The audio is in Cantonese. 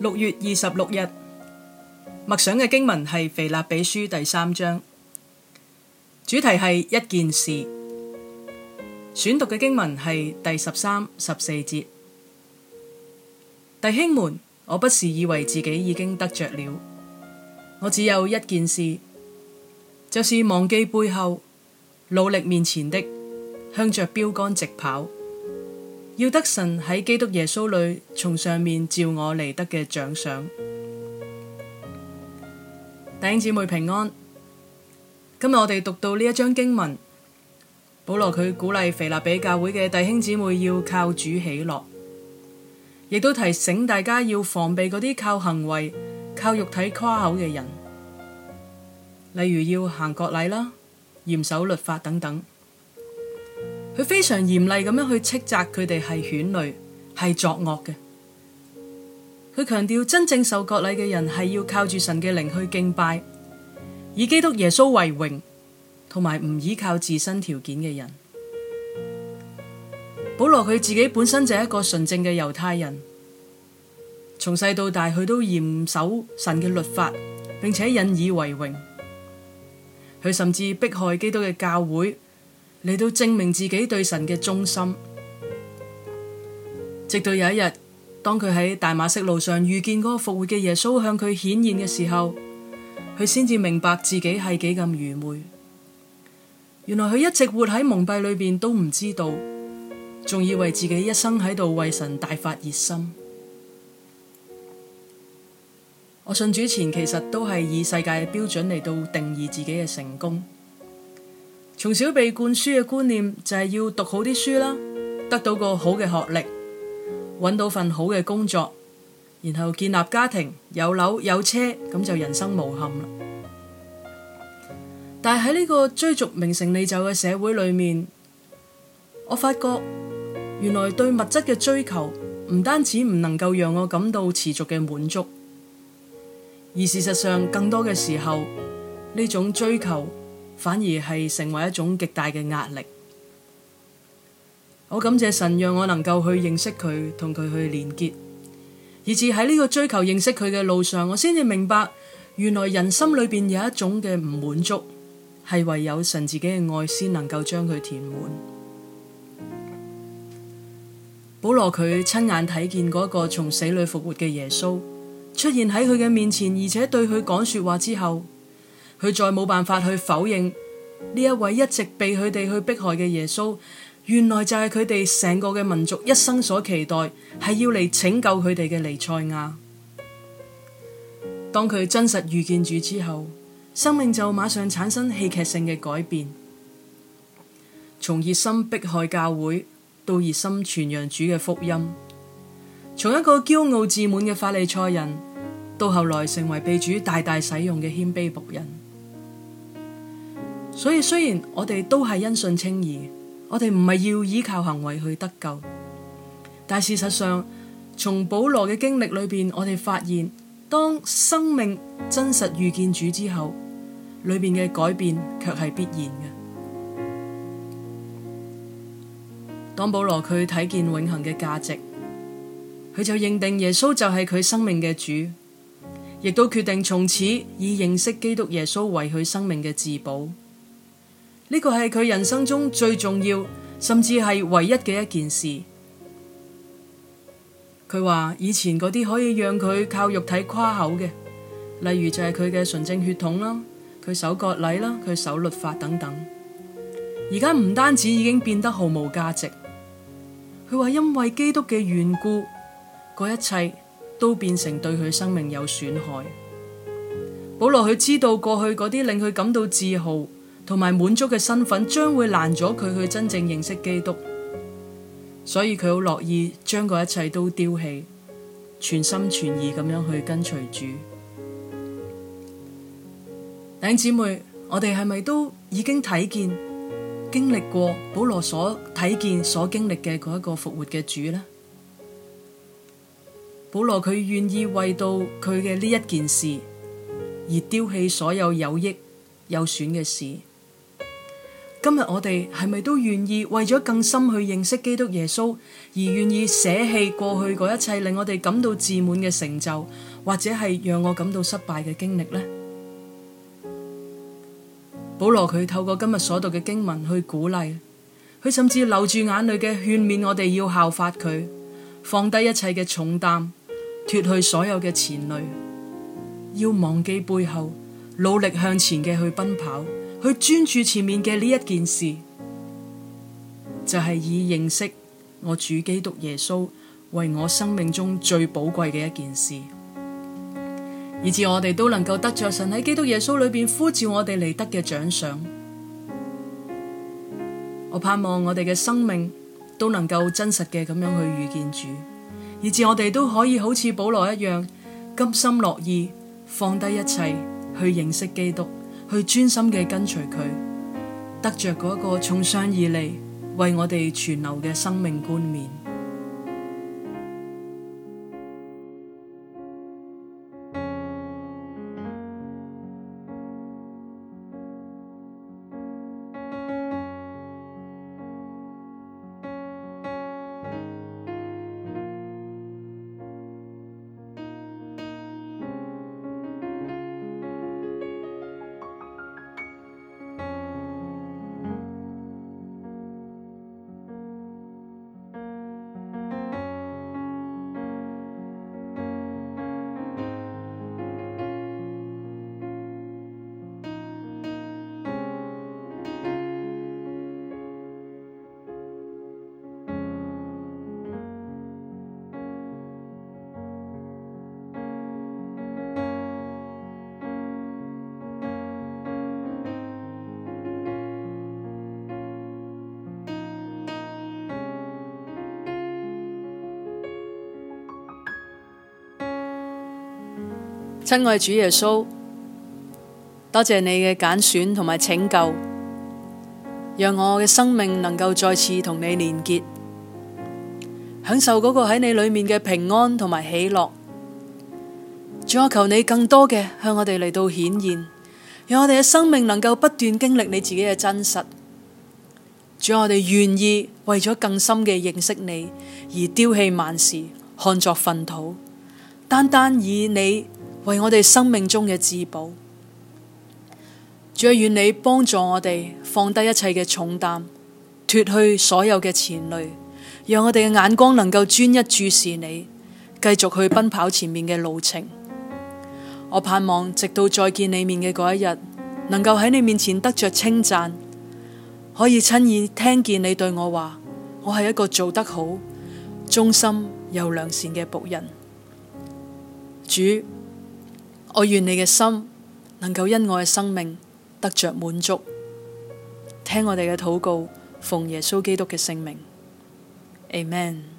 六月二十六日，默想嘅經文係《腓立比書》第三章，主題係一件事。選讀嘅經文係第十三、十四節。弟兄們，我不是以為自己已經得着了，我只有一件事，就是忘記背後，努力面前的，向着標杆直跑。要得神喺基督耶穌裏從上面召我嚟得嘅獎賞。弟兄姊妹平安。今日我哋讀到呢一章經文，保羅佢鼓勵腓立比教會嘅弟兄姊妹要靠主喜樂，亦都提醒大家要防備嗰啲靠行為、靠肉體誇口嘅人，例如要行國禮啦、嚴守律法等等。佢非常嚴厲咁樣去斥責佢哋係犬類，係作惡嘅。佢強調真正受割禮嘅人係要靠住神嘅靈去敬拜，以基督耶穌為榮，同埋唔依靠自身條件嘅人。保羅佢自己本身就係一個純正嘅猶太人，從細到大佢都嚴守神嘅律法，並且引以為榮。佢甚至迫害基督嘅教會。嚟到證明自己對神嘅忠心，直到有一日，當佢喺大馬色路上遇見嗰個復活嘅耶穌，向佢顯現嘅時候，佢先至明白自己係幾咁愚昧。原來佢一直活喺蒙蔽裏邊，都唔知道，仲以為自己一生喺度為神大發熱心。我信主前其實都係以世界嘅標準嚟到定義自己嘅成功。從小被灌輸嘅觀念就係要讀好啲書啦，得到個好嘅學歷，搵到份好嘅工作，然後建立家庭，有樓有車，咁就人生無憾啦。但係喺呢個追逐名成利就嘅社會裏面，我發覺原來對物質嘅追求唔單止唔能夠讓我感到持續嘅滿足，而事實上更多嘅時候，呢種追求。反而係成為一種極大嘅壓力。好感謝神，讓我能夠去認識佢，同佢去連結，以至喺呢個追求認識佢嘅路上，我先至明白，原來人心裏邊有一種嘅唔滿足，係唯有神自己嘅愛先能夠將佢填滿。保羅佢親眼睇見嗰個從死裏復活嘅耶穌出現喺佢嘅面前，而且對佢講說話之後。佢再冇辦法去否認呢一位一直被佢哋去迫害嘅耶穌，原來就係佢哋成個嘅民族一生所期待係要嚟拯救佢哋嘅尼賽亞。當佢真實遇見主之後，生命就馬上產生戲劇性嘅改變，從熱心迫害教會到熱心傳揚主嘅福音，從一個驕傲自滿嘅法利賽人到後來成為被主大大使用嘅謙卑僕人。所以雖然我哋都係因信稱義，我哋唔係要依靠行為去得救，但事實上，從保羅嘅經歷裏邊，我哋發現，當生命真實遇見主之後，裏邊嘅改變卻係必然嘅。當保羅佢睇見永恆嘅價值，佢就認定耶穌就係佢生命嘅主，亦都決定從此以認識基督耶穌為佢生命嘅至寶。呢、這個係佢人生中最重要，甚至係唯一嘅一件事。佢話以前嗰啲可以讓佢靠肉體誇口嘅，例如就係佢嘅純正血統啦，佢守割禮啦，佢守律法等等。而家唔單止已經變得毫無價值，佢話因為基督嘅緣故，嗰一切都變成對佢生命有損害。保羅佢知道過去嗰啲令佢感到自豪，同埋滿足嘅身份，將會攔阻佢去真正認識基督，所以佢好樂意將個一切都丟棄，全心全意咁樣去跟隨主。弟兄姊妹，我哋係咪都已經睇見經歷過保羅所睇見、所經歷嘅嗰一個復活嘅主呢？保羅佢願意為到佢嘅呢一件事而丟棄所有有益有損嘅事。今日我哋係咪都願意為咗更深去認識基督耶穌，而願意捨棄過去嗰一切令我哋感到自滿嘅成就，或者係讓我感到失敗嘅經歷呢？保羅佢透過今日所讀嘅經文去鼓勵，佢甚至流住眼淚嘅勸勉我哋要效法佢，放低一切嘅重擔，脫去所有嘅纏累，要忘記背後，努力向前嘅去奔跑。去專注前面嘅呢一件事，就係以認識我主基督耶穌為我生命中最寶貴嘅一件事，以至我哋都能夠得着神喺基督耶穌裏邊呼召我哋嚟得嘅獎賞。我盼望我哋嘅生命都能夠真實嘅咁樣去遇見主，以至我哋都可以好似保羅一樣甘心樂意放低一切去認識基督。去專心嘅跟隨佢，得着嗰個從上以嚟，為我哋存留嘅生命冠冕。親愛主耶穌，多謝你嘅揀選同埋拯救，讓我嘅生命能夠再次同你連結，享受嗰個喺你裏面嘅平安同埋喜樂。仲有，我求你更多嘅向我哋嚟到顯現，讓我哋嘅生命能夠不斷經歷你自己嘅真實。主，我哋願意為咗更深嘅認識你而丟棄萬事，看作糞土，單單以你，為我哋生命中嘅至寶，主，願你幫助我哋放低一切嘅重擔，脫去所有嘅纏累，讓我哋嘅眼光能夠專一注視你，繼續去奔跑前面嘅路程。我盼望直到再見你面嘅嗰一日，能夠喺你面前得着稱讚，可以親耳聽見你對我話：我係一個做得好、忠心又良善嘅僕人，主。我願你嘅心能夠因我嘅生命得着滿足，聽我哋嘅禱告，奉耶穌基督嘅聖名，Amen。